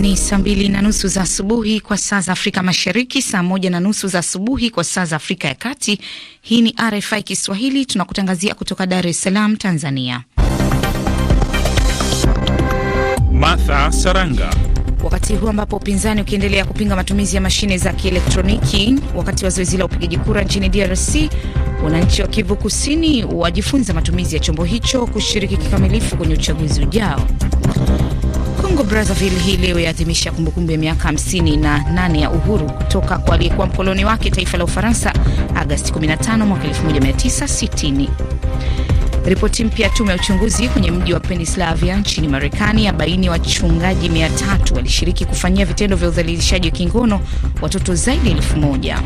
Ni saa mbili na nusu za asubuhi kwa saa za Afrika Mashariki, saa moja na nusu za asubuhi kwa saa za Afrika ya Kati. Hii ni RFI Kiswahili, tunakutangazia kutoka Dar es Salaam, Tanzania. Martha Saranga. Wakati huu ambapo upinzani ukiendelea kupinga matumizi ya mashine za kielektroniki wakati wa zoezi la upigaji kura nchini DRC, wananchi wa Kivu Kusini wajifunza matumizi ya chombo hicho kushiriki kikamilifu kwenye uchaguzi ujao. Kongo Brazzaville hii leo yaadhimisha kumbukumbu ya miaka 58 ya uhuru kutoka kwa aliyekuwa mkoloni wake taifa la Ufaransa Agasti 15 mwaka 1960. Ripoti mpya tume ya uchunguzi kwenye mji wa Pennsylvania nchini Marekani baini wachungaji 300 walishiriki kufanyia vitendo vya udhalilishaji wa kingono watoto zaidi ya elfu moja.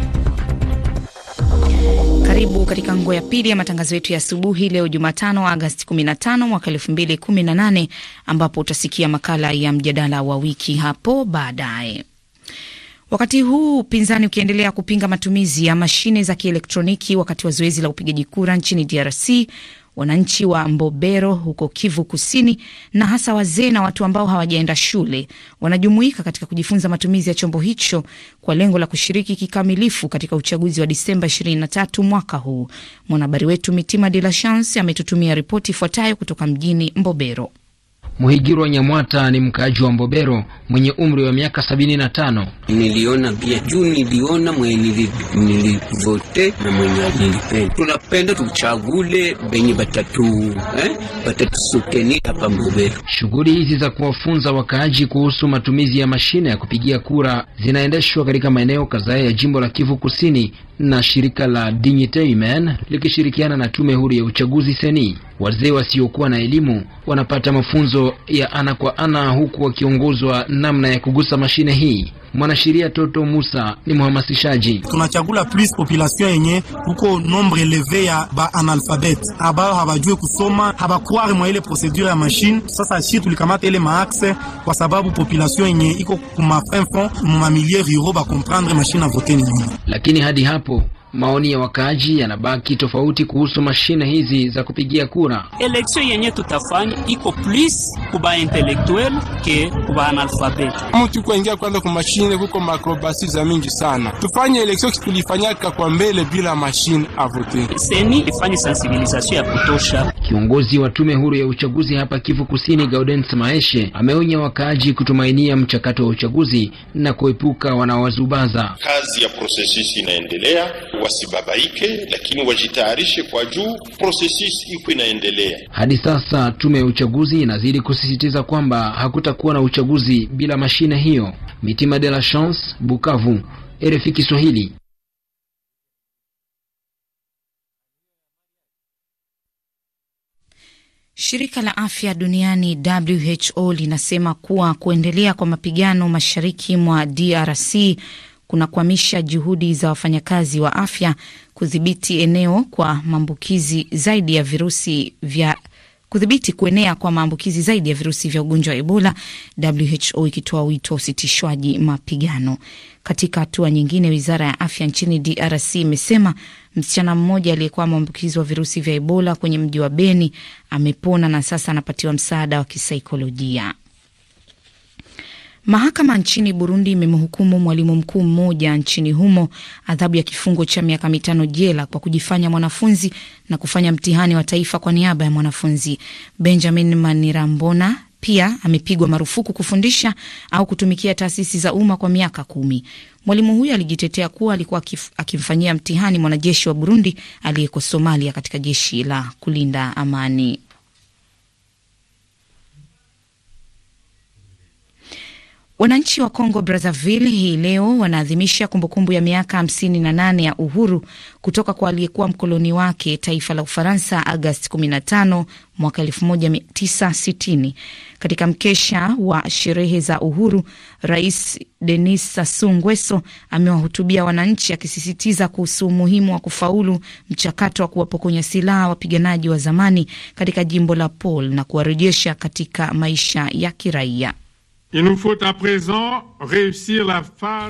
Karibu katika nguo ya pili ya matangazo yetu ya asubuhi leo Jumatano, Agasti 15 mwaka 2018, ambapo utasikia makala ya mjadala wa wiki hapo baadaye. Wakati huu upinzani ukiendelea kupinga matumizi ya mashine za kielektroniki wakati wa zoezi la upigaji kura nchini DRC, Wananchi wa Mbobero huko Kivu Kusini, na hasa wazee na watu ambao hawajaenda shule wanajumuika katika kujifunza matumizi ya chombo hicho kwa lengo la kushiriki kikamilifu katika uchaguzi wa Disemba 23 mwaka huu. Mwanahabari wetu Mitima De La Chance ametutumia ripoti ifuatayo kutoka mjini Mbobero. Muhigirwa Nyamwata ni mkaaji wa Mbobero mwenye umri wa miaka sabini na tano. Niliona pia juu, niliona mwenye nilivote na mwenye nilipenda. Tunapenda tuchagule benye batatu eh, sukeni hapa Mbobero. Shughuli hizi za kuwafunza wakaaji kuhusu matumizi ya mashine ya kupigia kura zinaendeshwa katika maeneo kadhaa ya jimbo la Kivu Kusini na shirika la Dignité Humaine likishirikiana na tume huru ya uchaguzi seni. Wazee wasiokuwa na elimu wanapata mafunzo ya ana kwa ana huku wakiongozwa namna ya kugusa mashine hii. Mwanasheria Toto Musa ni mhamasishaji. tunachagula plus population yenye huko nombre leve ya ba analfabet abayo habajue kusoma habakware mwa ile procedure ya mashine. Sasa shi tulikamata ile maakse kwa sababu population yenye iko kumafinfon mumamilie ruro comprendre mashine a vote ni nini, lakini hadi hapo maoni ya wakaaji yanabaki tofauti kuhusu mashine hizi za kupigia kura. Eleksio yenye tutafanya iko plus kuba intelektuel ke kuba analfabet. Mtu ingia kwanza kwa mashine huko makrobasi za mingi sana, tufanye eleksio tulifanyaka kwa mbele bila mashine avote. Seni ifanye sensibilisation ya kutosha. Kiongozi wa tume huru ya uchaguzi hapa Kivu Kusini, Gaudens Maeshe, ameonya wakaaji kutumainia mchakato wa uchaguzi na kuepuka wanaowazubaza. Kazi ya prosesisi inaendelea wasibabaike, lakini wajitayarishe kwa juu, processes iko inaendelea. Hadi sasa tume ya uchaguzi inazidi kusisitiza kwamba hakutakuwa na uchaguzi bila mashine hiyo. Mitima de la Chance, Bukavu, RFI Kiswahili. Shirika la afya duniani WHO linasema kuwa kuendelea kwa mapigano mashariki mwa DRC kunakwamisha juhudi za wafanyakazi wa afya kudhibiti eneo kwa maambukizi zaidi ya virusi vya kudhibiti kuenea kwa maambukizi zaidi ya virusi vya ugonjwa wa Ebola, WHO ikitoa wito wa usitishwaji mapigano. Katika hatua nyingine, wizara ya afya nchini DRC imesema msichana mmoja aliyekuwa wa virusi vya Ebola kwenye mji wa Beni amepona na sasa anapatiwa msaada wa kisaikolojia. Mahakama nchini Burundi imemhukumu mwalimu mkuu mmoja nchini humo adhabu ya kifungo cha miaka mitano jela kwa kujifanya mwanafunzi na kufanya mtihani wa taifa kwa niaba ya mwanafunzi. Benjamin Manirambona pia amepigwa marufuku kufundisha au kutumikia taasisi za umma kwa miaka kumi. Mwalimu huyo alijitetea kuwa alikuwa akimfanyia mtihani mwanajeshi wa Burundi aliyeko Somalia katika jeshi la kulinda amani. Wananchi wa Kongo Brazzaville hii leo wanaadhimisha kumbukumbu ya miaka 58 ya uhuru kutoka kwa aliyekuwa mkoloni wake taifa la Ufaransa Agasti 15 mwaka 1960. Katika mkesha wa sherehe za uhuru, Rais Denis Sassou Nguesso amewahutubia wananchi akisisitiza kuhusu umuhimu wa kufaulu mchakato wa kuwapokonya silaha wapiganaji wa zamani katika jimbo la pol na kuwarejesha katika maisha ya kiraia.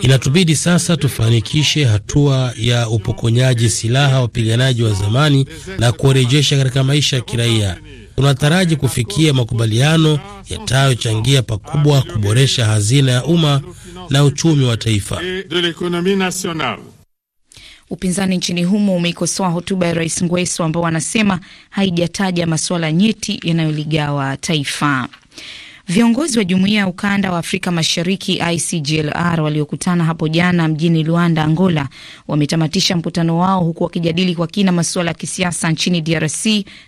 Inatubidi sasa tufanikishe hatua ya upokonyaji silaha wapiganaji wa zamani na kuwarejesha katika maisha ya kiraia. Tunataraji kufikia makubaliano yatayochangia pakubwa kuboresha hazina ya umma na uchumi wa taifa. Upinzani nchini humo umeikosoa hotuba ya Rais Ngweso ambao wanasema haijataja masuala nyeti yanayoligawa taifa. Viongozi wa jumuiya ya ukanda wa Afrika Mashariki ICGLR waliokutana hapo jana mjini Luanda, Angola, wametamatisha mkutano wao huku wakijadili kwa kina masuala ya kisiasa nchini DRC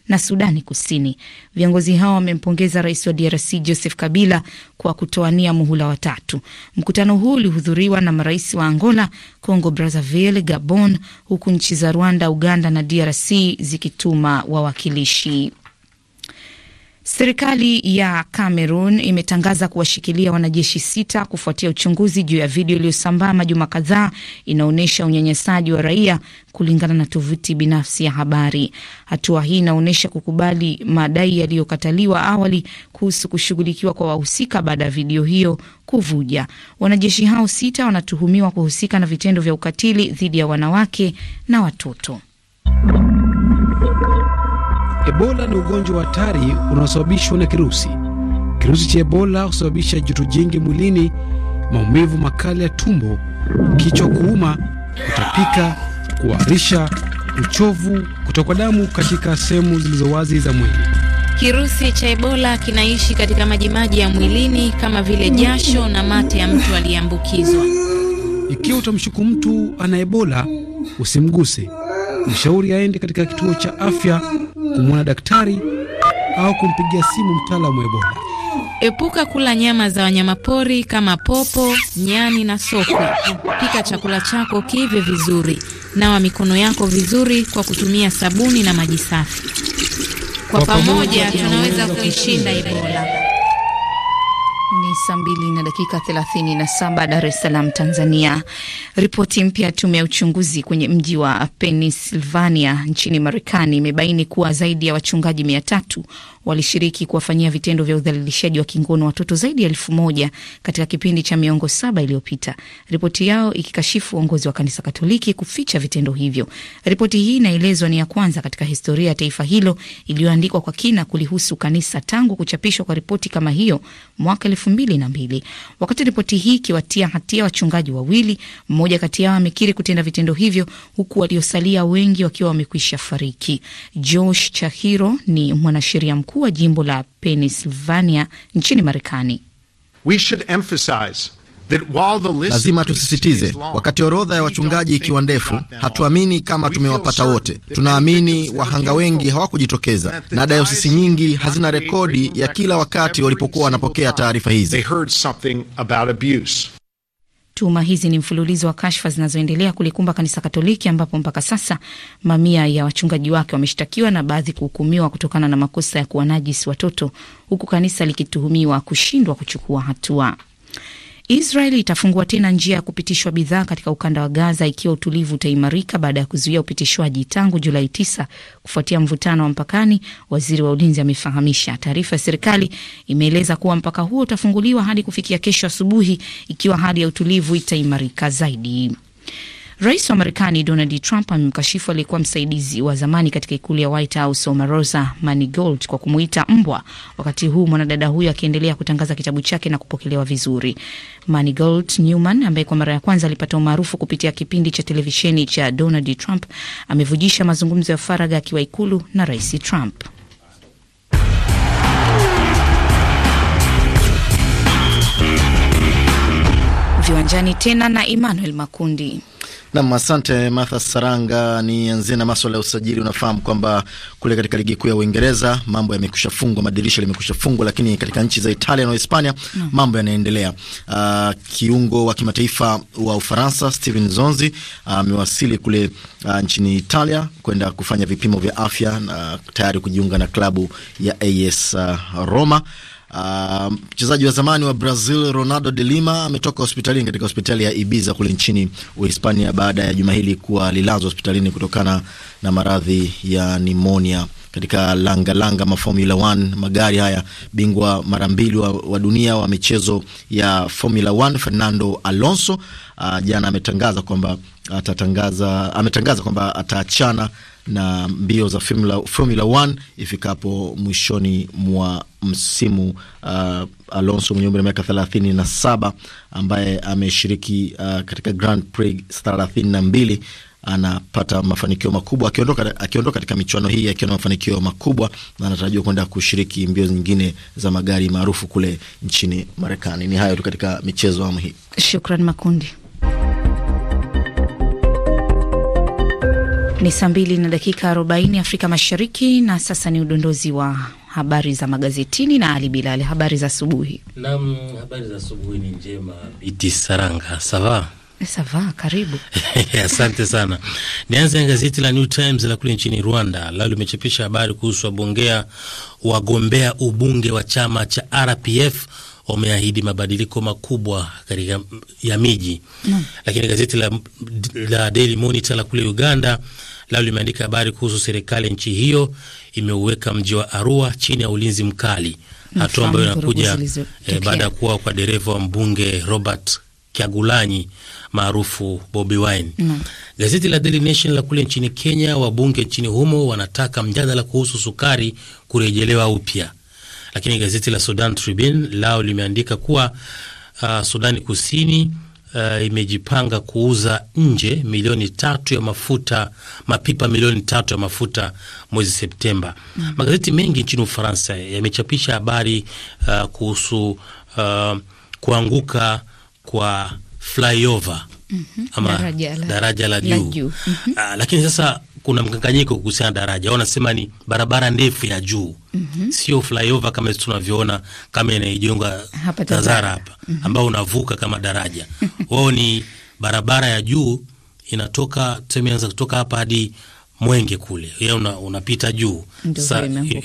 na Sudani Kusini. Viongozi hao wamempongeza rais wa DRC Joseph Kabila kwa kutoania muhula watatu. Mkutano huu ulihudhuriwa na marais wa Angola, Congo Brazzaville, Gabon, huku nchi za Rwanda, Uganda na DRC zikituma wawakilishi. Serikali ya Cameroon imetangaza kuwashikilia wanajeshi sita kufuatia uchunguzi juu ya video iliyosambaa majuma kadhaa inaonyesha unyanyasaji wa raia, kulingana na tovuti binafsi ya habari. Hatua hii inaonyesha kukubali madai yaliyokataliwa awali kuhusu kushughulikiwa kwa wahusika baada ya video hiyo kuvuja. Wanajeshi hao sita wanatuhumiwa kuhusika na vitendo vya ukatili dhidi ya wanawake na watoto. Ebola ni ugonjwa wa hatari unaosababishwa na kirusi. Kirusi cha Ebola husababisha joto jingi mwilini, maumivu makali ya tumbo, kichwa kuuma, kutapika, kuharisha, uchovu, kutokwa damu katika sehemu zilizo wazi za mwili. Kirusi cha Ebola kinaishi katika majimaji ya mwilini kama vile jasho na mate ya mtu aliyeambukizwa. Ikiwa utamshuku mtu ana Ebola, usimguse, mshauri aende katika kituo cha afya kumwona daktari au kumpigia simu mtaalamu wa Ebola. Epuka kula nyama za wanyamapori kama popo, nyani na sokwe. Pika chakula chako kive vizuri. Nawa mikono yako vizuri kwa kutumia sabuni na maji safi. Kwa pamoja tunaweza kuishinda Ebola. Ni saa mbili na dakika saba Dar es Salaam, Tanzania. Ripoti mpya ya tume ya uchunguzi kwenye mji wa Pennsylvania nchini Marekani imebaini kuwa zaidi ya wachungaji mia tatu walishiriki kuwafanyia vitendo vya udhalilishaji wa kingono watoto zaidi ya elfu moja katika kipindi cha miongo saba iliyopita, ripoti yao ikikashifu uongozi wa kanisa Katoliki kuficha vitendo hivyo. Ripoti hii inaelezwa ni ya kwanza katika historia ya taifa hilo iliyoandikwa kwa kina kulihusu kanisa tangu kuchapishwa kwa ripoti kama hiyo mwaka elfu mbili na mbili, wakati ripoti hii ikiwatia hatia wachungaji wawili, mmoja kati yao amekiri kutenda vitendo hivyo, huku waliosalia wengi wakiwa wamekwisha fariki. Josh Chahiro ni mwanasheria mkuu mkuu wa jimbo la Pennsylvania nchini Marekani. Lazima tusisitize, wakati orodha ya wachungaji ikiwa ndefu, hatuamini kama tumewapata wote. Tunaamini wahanga wengi hawakujitokeza na dayosisi nyingi hazina rekodi ya kila wakati walipokuwa wanapokea taarifa hizi. Tuhuma hizi ni mfululizo wa kashfa zinazoendelea kulikumba kanisa Katoliki, ambapo mpaka sasa mamia ya wachungaji wake wameshtakiwa na baadhi kuhukumiwa kutokana na makosa ya kuwanajisi watoto, huku kanisa likituhumiwa kushindwa kuchukua hatua. Israeli itafungua tena njia ya kupitishwa bidhaa katika ukanda wa Gaza ikiwa utulivu utaimarika baada ya kuzuia upitishwaji tangu Julai 9 kufuatia mvutano wa mpakani, waziri wa ulinzi amefahamisha. Taarifa ya serikali imeeleza kuwa mpaka huo utafunguliwa hadi kufikia kesho asubuhi ikiwa hali ya utulivu itaimarika zaidi. Rais wa Marekani Donald Trump amemkashifu aliyekuwa msaidizi wa zamani katika ikulu ya White House Omarosa Manigault kwa kumuita mbwa, wakati huu mwanadada huyo akiendelea kutangaza kitabu chake na kupokelewa vizuri. Manigault Newman ambaye kwa mara ya kwanza alipata umaarufu kupitia kipindi cha televisheni cha Donald Trump amevujisha mazungumzo ya faragha akiwa ikulu na Rais Trump. Viwanjani tena na Emmanuel Makundi. Nam, asante Martha Saranga. Nianzie na maswala ya usajili. Unafahamu kwamba kule katika ligi kuu ya Uingereza mambo yamekusha fungwa, madirisha limekusha fungwa, lakini katika nchi za Italia na Hispania no. mambo yanaendelea. Uh, kiungo wa kimataifa wa Ufaransa Steven Zonzi amewasili uh, kule uh, nchini Italia kwenda kufanya vipimo vya afya na uh, tayari kujiunga na klabu ya AS uh, ah, Roma. Ah, mchezaji uh, wa zamani wa Brazil Ronaldo de Lima ametoka hospitalini katika hospitali ya Ibiza kule nchini Uhispania baada ya juma hili kuwa alilazwa hospitalini kutokana na maradhi ya nimonia. Katika langalanga maformula 1 magari haya, bingwa mara mbili wa, wa dunia wa michezo ya Formula 1 Fernando Alonso uh, jana ametangaza kwamba atatangaza ametangaza kwamba ataachana na mbio za Formula, Formula 1 ifikapo mwishoni mwa msimu. Uh, Alonso mwenye umri wa miaka thelathini na saba ambaye ameshiriki uh, katika Grand Prix thelathini na mbili anapata mafanikio makubwa akiondoka akiondoka katika michuano hii akiwa na mafanikio makubwa, na anatarajiwa kwenda kushiriki mbio nyingine za magari maarufu kule nchini Marekani. Ni hayo tu katika michezo awamu hii. Shukran Makundi. Ni saa mbili na dakika arobaini Afrika Mashariki, na sasa ni udondozi wa habari za magazetini na Ali Bilali. Habari za asubuhi. Naam, habari za asubuhi ni njema. Biti Saranga sava Sava, karibu. Asante sana. Nianze gazeti la New Times la kule nchini Rwanda, lao limechapisha habari kuhusu wabongea wagombea ubunge wa chama cha RPF wameahidi mabadiliko makubwa katika ya miji mm. Lakini gazeti la, la Daily Monitor la kule Uganda lao limeandika habari kuhusu serikali nchi hiyo imeuweka mji wa Arua chini ya ulinzi mkali, hatua ambayo inakuja eh, baada ya kuwa kwa dereva wa mbunge Robert Kyagulanyi maarufu Bobi Wine. Mm. Gazeti la Daily Nation la kule nchini Kenya, wabunge nchini humo wanataka mjadala kuhusu sukari kurejelewa upya, lakini gazeti la Sudan Tribune lao limeandika kuwa uh, Sudani Kusini uh, imejipanga kuuza nje milioni tatu ya mafuta mapipa milioni tatu ya mafuta mwezi Septemba. mm -hmm. Magazeti mengi nchini Ufaransa yamechapisha habari uh, kuhusu uh, kuanguka kwa flyover mm -hmm. ama daraja la, juu, la juu. Mm -hmm. uh, lakini sasa kuna mkanganyiko kuhusiana na daraja. Wanasema ni barabara ndefu ya juu mm -hmm. sio flyover kama tunavyoona kama inaijonga Tazara hapa mm -hmm. ambao unavuka kama daraja wao ni barabara ya juu inatoka tumeanza kutoka hapa hadi Mwenge kule ya una, unapita juu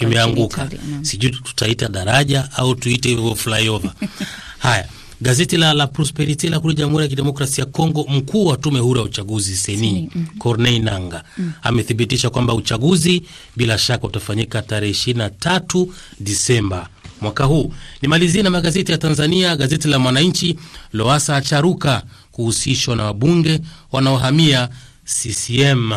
imeanguka. Sijui tutaita daraja au tuite hivyo flyover. Haya, Gazeti la La Prosperite la kule Jamhuri ya Kidemokrasia ya Kongo, mkuu wa tume huru ya uchaguzi seni mhm. mm -hmm. Corneille Nanga mm -hmm. amethibitisha kwamba uchaguzi bila shaka utafanyika tarehe 23 Disemba mwaka huu. Nimalizie na magazeti ya Tanzania. Gazeti la Mwananchi, Loasa acharuka kuhusishwa na wabunge wanaohamia CCM,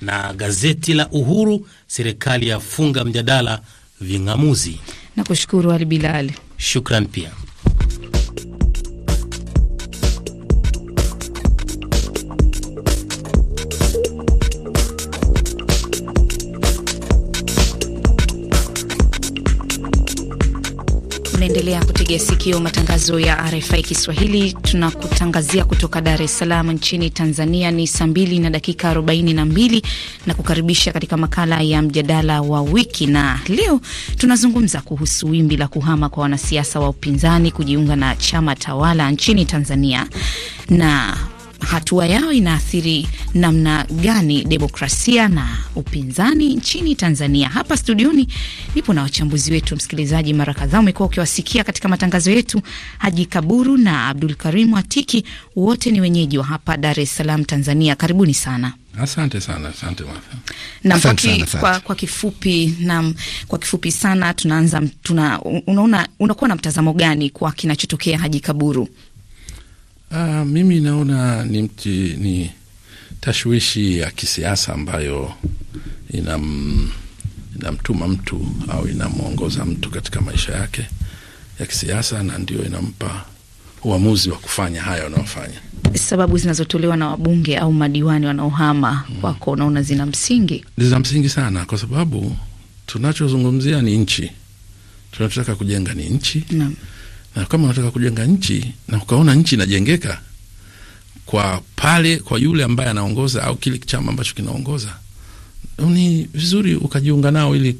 na gazeti la Uhuru, serikali yafunga mjadala ving'amuzi. Nakushukuru Ali Bilal, shukran pia. Unaendelea kutegea sikio matangazo ya RFI Kiswahili, tunakutangazia kutoka Dar es Salaam nchini Tanzania. Ni saa mbili na dakika arobaini na mbili na kukaribisha katika makala ya mjadala wa wiki, na leo tunazungumza kuhusu wimbi la kuhama kwa wanasiasa wa upinzani kujiunga na chama tawala nchini Tanzania na hatua yao inaathiri namna gani demokrasia na upinzani nchini Tanzania. Hapa studioni nipo na wachambuzi wetu. Msikilizaji, mara kadhaa umekuwa ukiwasikia katika matangazo yetu, Haji Kaburu na Abdul Karimu Atiki, wote ni wenyeji wa hapa Dar es Salaam, Tanzania. Karibuni sana. Asante sana, asante nam. Kwa, kwa kifupi nam, kwa kifupi sana tunaanza, tuna, unaona unakuwa na mtazamo gani kwa kinachotokea Haji Kaburu? Uh, mimi naona ni, mti, ni tashwishi ya kisiasa ambayo inam, inamtuma mtu au inamwongoza mtu katika maisha yake ya kisiasa na ndio inampa uamuzi wa kufanya haya unaofanya Sababu zinazotolewa na wabunge au madiwani wanaohama hmm. kwako, mm, unaona zina msingi? Zina msingi sana, kwa sababu tunachozungumzia ni nchi, tunachotaka kujenga ni nchi mm na kama unataka kujenga nchi na ukaona nchi inajengeka kwa pale kwa yule ambaye anaongoza au kile chama ambacho kinaongoza, ni vizuri ukajiunga nao ili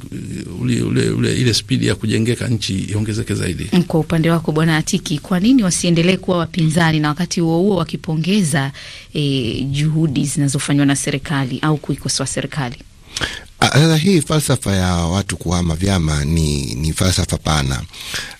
ule, ule, ule, ile spidi ya kujengeka nchi iongezeke zaidi. Kwa upande wako Bwana Atiki, kwa nini wasiendelee kuwa wapinzani na wakati huo huo wakipongeza e, juhudi zinazofanywa na serikali au kuikosoa serikali? Ah, sasa hii falsafa ya watu kuhama vyama ni, ni falsafa pana,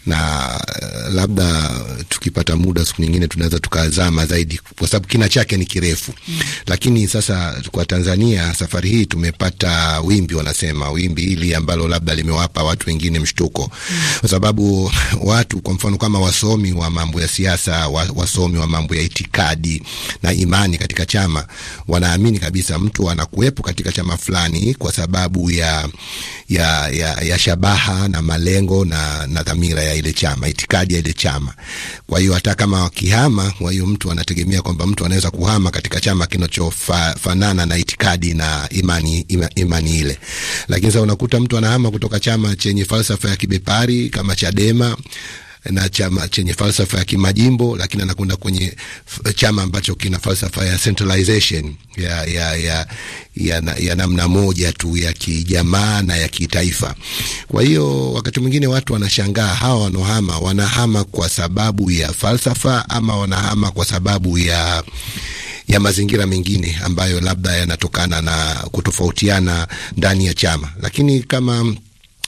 na eh, labda tukipata muda siku nyingine tunaweza tukazama zaidi, kwa sababu kina chake ni kirefu mm. Lakini sasa kwa Tanzania safari hii tumepata wimbi, wanasema wimbi hili ambalo labda limewapa watu wengine mshtuko mm. Kwa sababu watu kwa mfano kama wasomi wa mambo ya siasa wa, wasomi wa mambo ya itikadi na imani katika chama wanaamini kabisa mtu anakuwepo katika chama fulani kwa sababu sababu ya, ya, ya, ya shabaha na malengo na, na dhamira ya ile chama, itikadi ya ile chama. Kwa hiyo hata kama wakihama, kwa hiyo mtu anategemea kwamba mtu anaweza kuhama katika chama kinachofanana na itikadi na imani, ima, imani ile. Lakini sasa unakuta mtu anahama kutoka chama chenye falsafa ya kibepari kama Chadema na chama chenye falsafa ya kimajimbo, lakini anakwenda kwenye chama ambacho kina falsafa ya centralization ya, ya, ya, ya, na, ya namna moja tu ya kijamaa na ya kitaifa. Kwa hiyo wakati mwingine watu wanashangaa hawa wanohama wanahama kwa sababu ya falsafa ama wanahama kwa sababu ya ya mazingira mengine ambayo labda yanatokana na kutofautiana ndani ya chama, lakini kama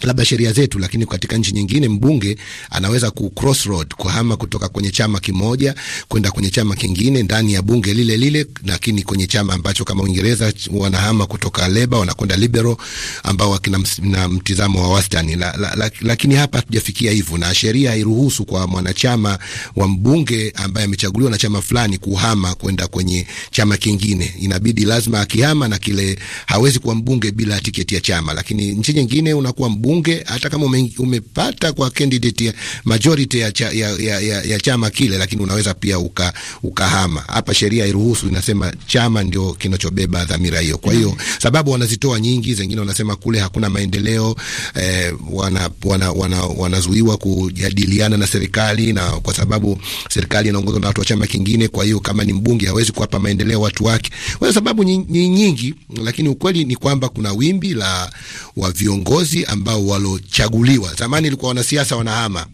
labda sheria zetu, lakini katika nchi nyingine mbunge anaweza ku crossroad kuhama kutoka kwenye chama kimoja kwenda kwenye chama kingine ndani ya bunge lile lile, lakini kwenye chama ambacho kama Uingereza wanahama kutoka Leba wanakwenda Liberal ambao wakina na mtizamo wa wastani la, la, la, lakini hapa hatujafikia hivyo, na sheria hairuhusu kwa mwanachama wa mbunge ambaye amechaguliwa na chama fulani kuhama kwenda kwenye chama kingine. Inabidi lazima akihama na kile hawezi kuwa mbunge bila tiketi ya chama, lakini nchi nyingine unakuwa mbunge bunge, hata kama ume, umepata kwa candidate ya majority ya, cha, ya, ya, ya, ya chama kile, lakini unaweza pia uka, ukahama. Hapa sheria iruhusu, inasema chama ndio kinachobeba dhamira hiyo. Kwa hiyo sababu wanazitoa nyingi, zingine wanasema kule hakuna maendeleo eh, wana, wana, wana, wanazuiwa kujadiliana na serikali na kwa sababu serikali inaongozwa na watu wa chama kingine, kwa hiyo kama ni mbunge hawezi kuwapa maendeleo watu wake. Kwa sababu ni nyingi, lakini ukweli ni kwamba kuna wimbi la wa viongozi ambao ambao walochaguliwa. Zamani ilikuwa wanasiasa wanahama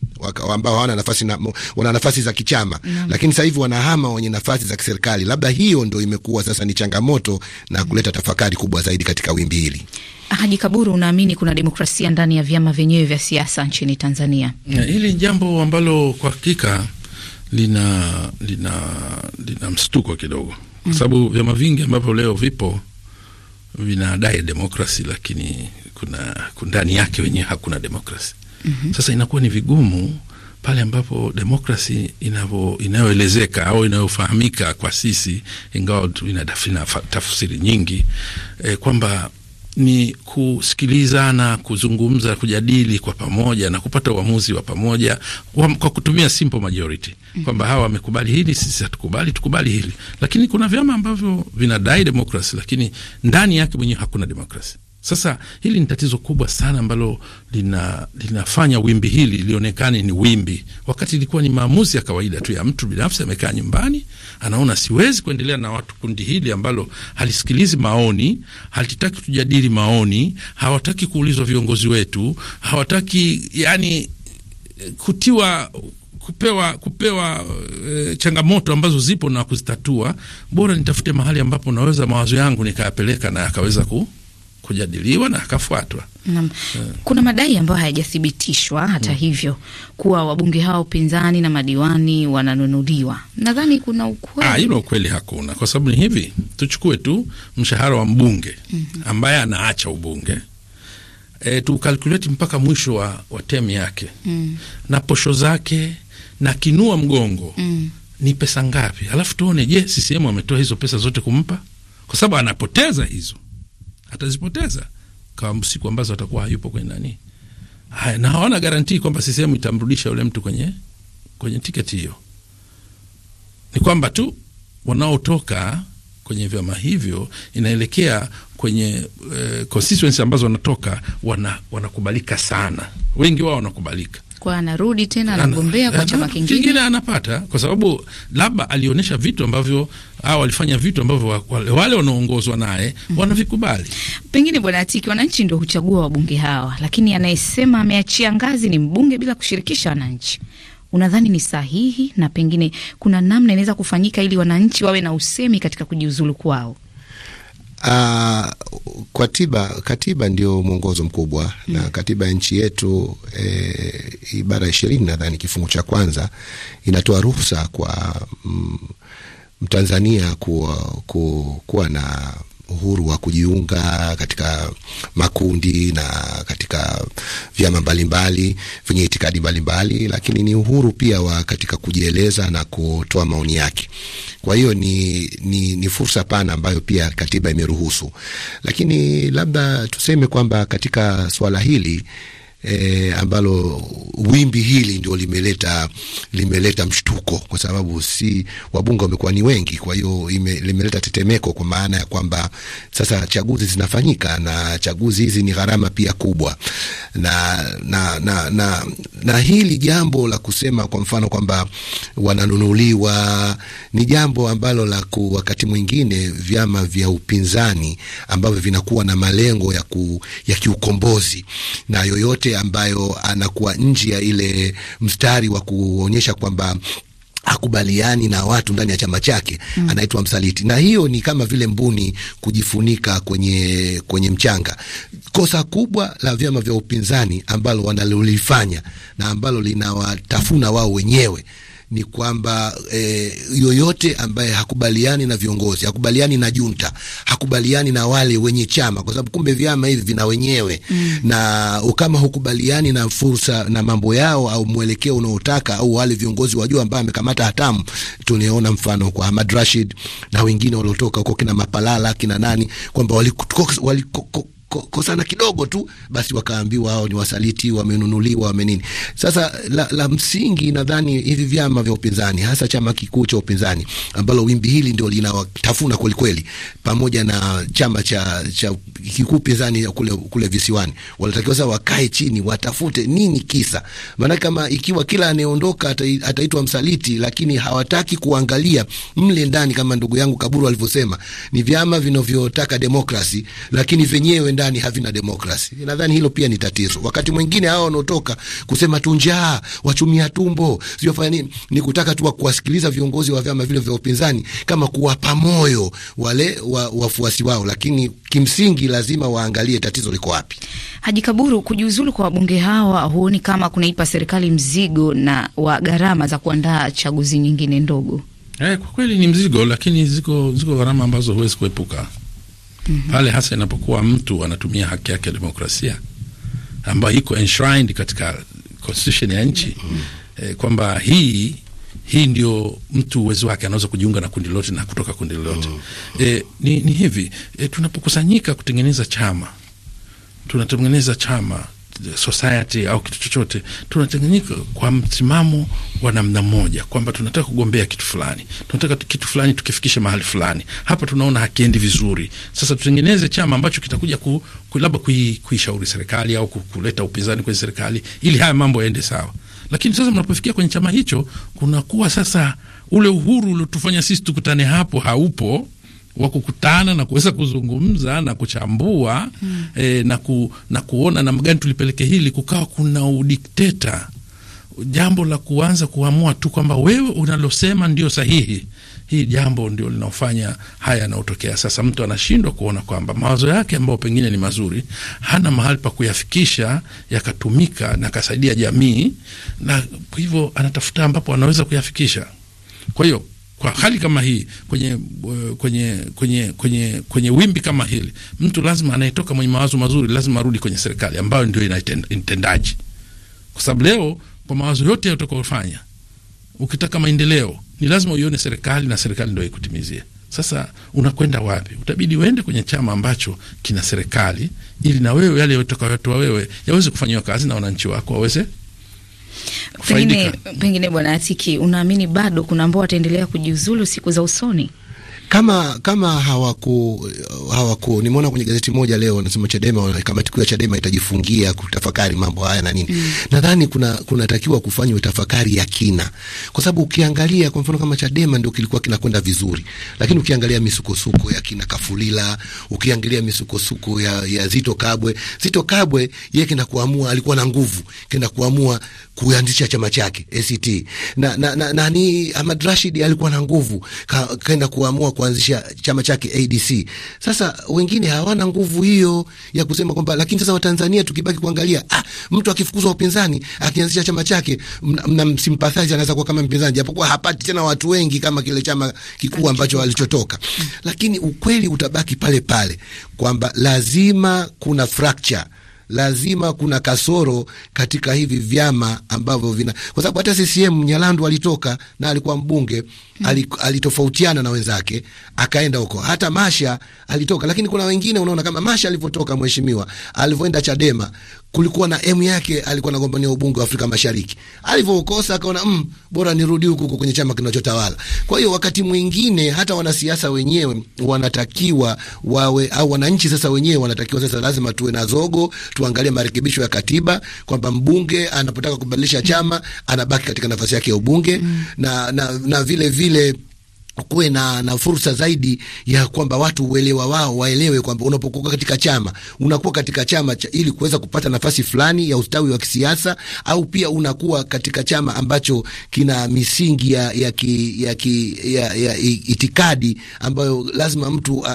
ambao hawana nafasi na, wana nafasi za kichama mm. Lakini sasa hivi wanahama wenye nafasi za kiserikali, labda hiyo ndio imekuwa sasa ni changamoto na kuleta tafakari kubwa zaidi katika wimbi hili. Haji Kaburu, unaamini kuna demokrasia ndani ya vyama vyenyewe vya siasa nchini Tanzania? Hili jambo ambalo kwa hakika lina lina lina mstuko kidogo, kwa mm. sababu vyama vingi ambavyo leo vipo vinadai demokrasi, lakini kuna ndani yake wenyewe hakuna demokrasi. mm -hmm. Sasa inakuwa ni vigumu pale ambapo demokrasi inayoelezeka au inayofahamika kwa sisi, ingawa ina tafsiri nyingi e, kwamba ni kusikilizana, kuzungumza, kujadili kwa pamoja na kupata uamuzi wa pamoja kwa kutumia simple majority, mhm. kwamba hawa wamekubali hili, sisi hatukubali, tukubali hili. Lakini kuna vyama ambavyo vinadai demokrasi, lakini ndani yake mwenyewe hakuna demokrasi. Sasa hili ni tatizo kubwa sana ambalo lina, linafanya wimbi hili lionekane ni wimbi, wakati ilikuwa ni maamuzi ya kawaida tu ya mtu binafsi. Amekaa nyumbani, anaona siwezi kuendelea na watu kundi hili ambalo halisikilizi maoni, halitaki tujadili maoni, hawataki kuulizwa viongozi wetu, hawataki yani kutiwa kupewa kupewa e, changamoto ambazo zipo na kuzitatua. Bora nitafute mahali ambapo naweza mawazo yangu nikayapeleka na yakaweza ku kujadiliwa na akafuatwa. Naam. Kuna madai ambayo hayajathibitishwa hata hmm, hivyo kuwa wabunge hawa upinzani na madiwani wananunuliwa. Nadhani kuna ukweli. Ah, hilo ukweli hakuna, kwa sababu ni hivi, tuchukue tu mshahara wa mbunge mhm. ambaye anaacha ubunge e, tukalkuleti mpaka mwisho wa, wa temu yake mm, na posho zake na kinua mgongo mm, ni pesa ngapi? Alafu tuone, je, CCM ametoa hizo pesa zote kumpa? Kwa sababu anapoteza hizo atazipoteza kwa siku ambazo atakuwa hayupo kwenye nani. Haya, na hawana garantii kwamba CCM itamrudisha yule mtu kwenye kwenye tiketi hiyo. Ni kwamba tu wanaotoka kwenye vyama hivyo inaelekea kwenye eh, constituency ambazo wanatoka wana, wanakubalika sana, wengi wao wanakubalika kwa anarudi tena anagombea kwa chama kingine kingine, anapata kwa sababu labda alionyesha vitu ambavyo au walifanya vitu ambavyo wale wanaongozwa naye mm -hmm. wanavikubali. Pengine bwana Atiki, wananchi ndio huchagua wabunge hawa, lakini anayesema ameachia ngazi ni mbunge bila kushirikisha wananchi Unadhani ni sahihi? Na pengine kuna namna inaweza kufanyika ili wananchi wawe na usemi katika kujiuzulu kwao? Uh, kwa tiba, katiba ndio mwongozo mkubwa mm. Na hmm. katiba ya nchi yetu e, ibara ishirini nadhani kifungu cha kwanza inatoa ruhusa kwa mm, Mtanzania kuwa, ku, kuwa na uhuru wa kujiunga katika makundi na katika vyama mbalimbali vyenye itikadi mbalimbali, lakini ni uhuru pia wa katika kujieleza na kutoa maoni yake. Kwa hiyo ni, ni, ni fursa pana ambayo pia katiba imeruhusu, lakini labda tuseme kwamba katika swala hili eh, ambalo wimbi hili ndio limeleta limeleta mshtuko, kwa sababu si wabunge wamekuwa ni wengi, kwa hiyo limeleta tetemeko, kwa maana ya kwamba sasa chaguzi zinafanyika na chaguzi hizi ni gharama pia kubwa, na na na, na, na hili jambo la kusema kwa mfano kwamba wananunuliwa ni jambo ambalo la ku wakati mwingine vyama vya upinzani ambavyo vinakuwa na malengo ya, ku, ya kiukombozi na yoyote ambayo anakuwa nje ya ile mstari wa kuonyesha kwamba hakubaliani na watu ndani ya chama chake mm. Anaitwa msaliti, na hiyo ni kama vile mbuni kujifunika kwenye, kwenye mchanga. Kosa kubwa la vyama vya upinzani ambalo wanalolifanya na ambalo linawatafuna wao wenyewe ni kwamba e, yoyote ambaye hakubaliani na viongozi, hakubaliani na junta, hakubaliani na wale wenye chama, kwa sababu kumbe vyama hivi vina wenyewe mm. na kama hukubaliani na fursa na mambo yao au mwelekeo unaotaka au wale viongozi wajua ambao amekamata hatamu, tunaona mfano kwa Ahmad Rashid na wengine waliotoka huko kina Mapalala kina nani kwamba walikosa kukosana kidogo tu, basi wakaambiwa hao ni wasaliti, wamenunuliwa, wamenini. Sasa la, la msingi nadhani hivi vyama vya upinzani, hasa chama kikuu cha upinzani ambalo wimbi hili ndio linawatafuna kwelikweli, pamoja na chama cha, cha kikuu upinzani kule, kule visiwani, wanatakiwa sasa wakae chini, watafute nini kisa, maanake kama ikiwa kila anayeondoka ataitwa msaliti, lakini hawataki kuangalia mle ndani, kama ndugu yangu Kaburu alivyosema, ni vyama vinavyotaka demokrasi, lakini vyenyewe ndani havina demokrasi. Nadhani hilo pia ni tatizo. Wakati mwingine hawa wanaotoka kusema tu njaa, wachumia tumbo, siofanya nini, ni kutaka tu kuwasikiliza viongozi wa vyama vile vya upinzani kama kuwapa moyo wale wa, wafuasi wao, lakini kimsingi lazima waangalie tatizo liko wapi. Haji Kaburu, kujiuzulu kwa wabunge hawa huoni kama kunaipa serikali mzigo na wa gharama za kuandaa chaguzi nyingine ndogo? Eh, kwa kweli ni mzigo, lakini ziko ziko gharama ambazo huwezi kuepuka. -hmm. pale hasa inapokuwa mtu anatumia haki yake ya demokrasia ambayo iko enshrined katika constitution ya nchi mm -hmm. eh, kwamba hii hii ndio mtu uwezo wake anaweza kujiunga na kundi lolote na kutoka kundi lolote mm -hmm. e, eh, ni, ni hivi e, tunapokusanyika kutengeneza chama tunatengeneza chama society au kitu chochote, tunachanganyika kwa msimamo wa namna moja, kwamba tunataka kugombea kitu fulani, tunataka kitu fulani tukifikishe mahali fulani. Hapa tunaona hakiendi vizuri, sasa tutengeneze chama ambacho kitakuja ku, ku, labda kuishauri serikali au kuleta upinzani kwenye serikali ili haya mambo yaende sawa. Lakini sasa mnapofikia kwenye chama hicho, kunakuwa sasa ule uhuru uliotufanya sisi tukutane hapo haupo wa kukutana na kuweza kuzungumza na kuchambua mm. e, na, ku, na kuona namna gani tulipeleke hili, kukawa kuna udikteta, jambo la kuanza kuamua tu kwamba wewe unalosema ndio sahihi. Hii jambo ndio linaofanya haya yanayotokea sasa. Mtu anashindwa kuona kwamba mawazo yake ambayo pengine ni mazuri hana mahali pa kuyafikisha yakatumika na kasaidia jamii, na hivyo anatafuta ambapo anaweza kuyafikisha. Kwa hiyo kwa hali kama hii kwenye, eh, kwenye, kwenye, kwenye, kwenye wimbi kama hili, mtu lazima anayetoka mwenye mawazo mazuri lazima arudi kwenye serikali ambayo ndio ina kwa sababu leo kwa mawazo yote utakayofanya ukitaka maendeleo ni lazima uione serikali na serikali ndio ikutimizie. Sasa unakwenda wapi? Utabidi uende kwenye chama ambacho kina serikali, ili na wewe yale utakayotoa wewe yaweze kufanyiwa kazi na wananchi wako waweze Pengine, pengine Bwana Atiki, unaamini bado kuna ambao wataendelea kujiuzulu siku za usoni? kama kama hawaku hawaku, nimeona kwenye gazeti moja leo wanasema Chadema, kamati kuu ya Chadema itajifungia kutafakari mambo haya na nini mm. Nadhani kuna kunatakiwa kufanywa tafakari ya kina, kwa sababu ukiangalia kwa mfano kama Chadema ndio kilikuwa kinakwenda vizuri, lakini ukiangalia misukosuko ya kina Kafulila, ukiangalia misukosuko ya, ya Zito Kabwe, Zito Kabwe yeye kina kuamua, alikuwa na nguvu kina kuamua kuanzisha chama chake ACT na na, na nani Ahmad Rashid alikuwa na nguvu ka, kaenda kuamua kuanzisha chama chake ADC. Sasa wengine hawana nguvu hiyo ya kusema kwamba, lakini sasa Watanzania tukibaki kuangalia, ah, mtu akifukuzwa upinzani akianzisha chama chake, mnamsimpathize mna anaweza kuwa kama mpinzani, japokuwa hapati tena watu wengi kama kile chama kikuu ambacho alichotoka, lakini ukweli utabaki pale pale kwamba lazima kuna fracture lazima kuna kasoro katika hivi vyama ambavyo vina, kwa sababu hata CCM Nyalandu alitoka na alikuwa mbunge hmm. alitofautiana na wenzake akaenda huko. Hata Masha alitoka, lakini kuna wengine unaona kama Masha alivyotoka, mheshimiwa alivyoenda Chadema, kulikuwa na emu yake, alikuwa anagombania ubunge wa Afrika Mashariki. alivyokosa akaona mm, bora nirudi huku huku kwenye chama kinachotawala. Kwa hiyo wakati mwingine hata wanasiasa wenyewe wanatakiwa wawe, au wananchi sasa wenyewe wanatakiwa sasa, lazima tuwe na zogo, tuangalie marekebisho ya katiba kwamba mbunge anapotaka kubadilisha chama anabaki katika nafasi yake ya ubunge mm. na, na, na vile vile kuwe na, na fursa zaidi ya kwamba watu uelewa wao waelewe kwamba unapokuwa katika chama unakuwa katika chama cha, ili kuweza kupata nafasi fulani ya ustawi wa kisiasa au pia unakuwa katika chama ambacho kina misingi ya, ya, ki, ya, ki, ya, ya itikadi ambayo lazima mtu uh,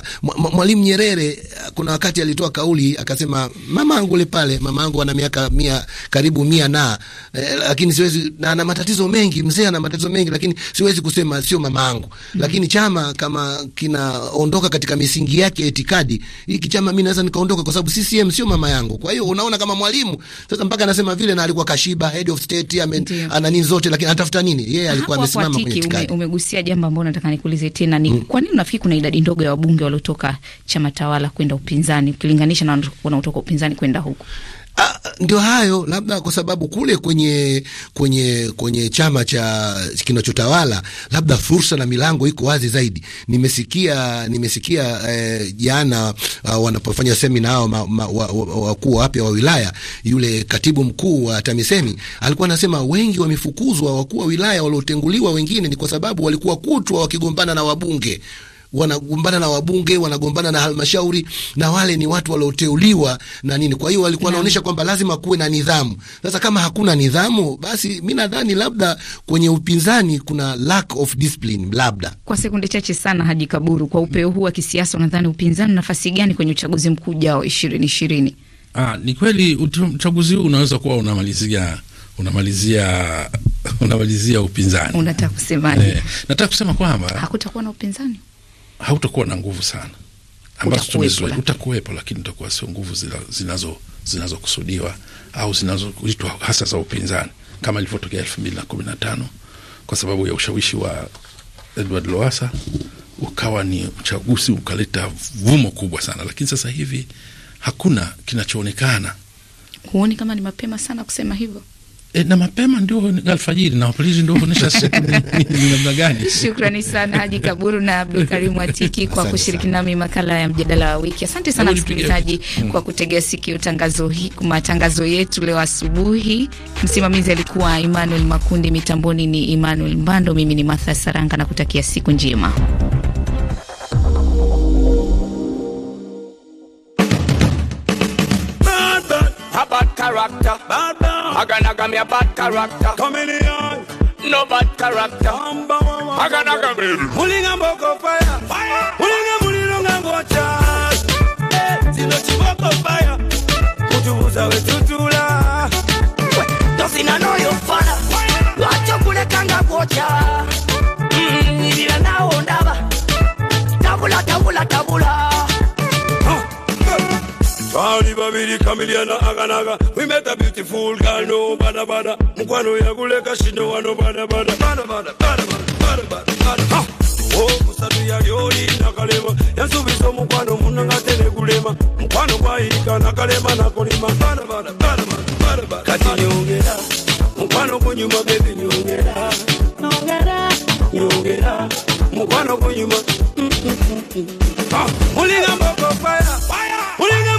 Mwalimu Nyerere kuna wakati alitoa kauli akasema, mama yangu le pale, mama yangu ana miaka mia karibu mia na eh, lakini siwezi na, na matatizo mengi mzee ana matatizo mengi, lakini siwezi kusema sio mama angu Mm-hmm. Lakini chama kama kinaondoka katika misingi yake ya itikadi, hiki chama mimi naweza nikaondoka kwa sababu CCM sio mama yangu. Kwa hiyo unaona, kama mwalimu sasa mpaka anasema vile, na alikuwa kashiba, head of state, ame ana nini zote, lakini anatafuta nini yeye? Yeah, alikuwa amesimama kwenye itikadi. Ume, umegusia jambo ambalo nataka nikuulize tena ni mm. kwa nini unafikiri kuna idadi ndogo ya wabunge waliotoka chama tawala kwenda upinzani ukilinganisha na wanaotoka upinzani kwenda huko? Ah, ndio hayo, labda kwa sababu kule kwenye kwenye kwenye chama cha kinachotawala labda fursa na milango iko wazi zaidi. Nimesikia nimesikia eh, jana uh, wanapofanya semina hao wakuu wapya wa wilaya, yule katibu mkuu wa TAMISEMI alikuwa anasema wengi wamefukuzwa, wakuu wa wilaya waliotenguliwa, wengine ni kwa sababu walikuwa kutwa wakigombana na wabunge wanagombana na wabunge, wanagombana na halmashauri, na wale ni watu walioteuliwa na nini. Kwa hiyo walikuwa wanaonyesha kwamba lazima kuwe na nidhamu. Sasa kama hakuna nidhamu, basi mi nadhani labda kwenye upinzani kuna lack of discipline. Labda kwa sekunde chache sana, Haji Kaburu, kwa upeo huu wa kisiasa, unadhani upinzani nafasi gani kwenye uchaguzi mkuu ujao ishirini ishirini? Ah, ni kweli uchaguzi huu unaweza kuwa unamalizia unamalizia unamalizia upinzani. Unataka nini? Eh, nataka kusema kwamba hakutakuwa na upinzani hautakuwa na nguvu sana ambazo tumezoea. Utakuwepo, lakini utakuwa sio nguvu zinazo zinazokusudiwa au zinazoitwa hasa za upinzani kama ilivyotokea elfu mbili na kumi na tano kwa sababu ya ushawishi wa Edward loasa ukawa ni uchaguzi ukaleta vumo kubwa sana, lakini sasa hivi hakuna kinachoonekana. Huoni kama ni mapema sana kusema hivyo? E, na mapema ndio alfajiri na wapolizi ndio huonesha namna gani. Shukrani sana Haji Kaburu na Abdul Karim Atiki kwa kushiriki nami makala ya mjadala wa wiki. Asante sana msikilizaji hmm. kwa kutegea sikio tangazo hii, matangazo yetu leo asubuhi. Msimamizi alikuwa Emmanuel Makundi, mitamboni ni Emmanuel Mbando, mimi ni Martha Saranga na kutakia siku njema. me a bad character. Come in here. No bad character. Aganaga baby. Mulinga mboko fire. Fire. Mulinga mulilonga ngocha. Sino chiboko fire. Kutubuza wetutula. Tosina no yo fana. Wacho kulekanga ngocha. Mm, mm-hmm, nilila nao ndaba. Tabula tabula tabula. Fali babili kamiliana aganaga We met a beautiful girl no bada bada Mukwano ya guleka shino wano bada bada Bada bada bada bada bada bada ha okusatu oh, yali oli nakalema yansubisa omukwano munangate negulema mukwano gwayika nakalema nakolima kati nyongera mukwano gunyuma bebi nyongera nyongera mukwano gunyuma mm, mm, mm, ah, mulinga mbokofaya mulinga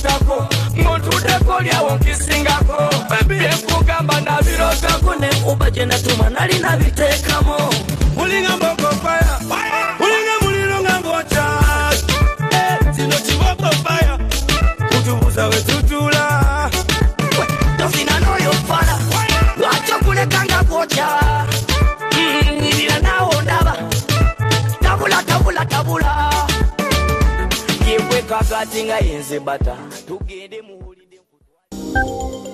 birotako ng'ontudeko lyawo nkisingako bebire nabirotako ne uba gye nali nabiteekamu mulinga mbokofaya mulinga muliro nga ng'okyaki zino kibokofaya kutubuza wetutu nothing I ain't say butter.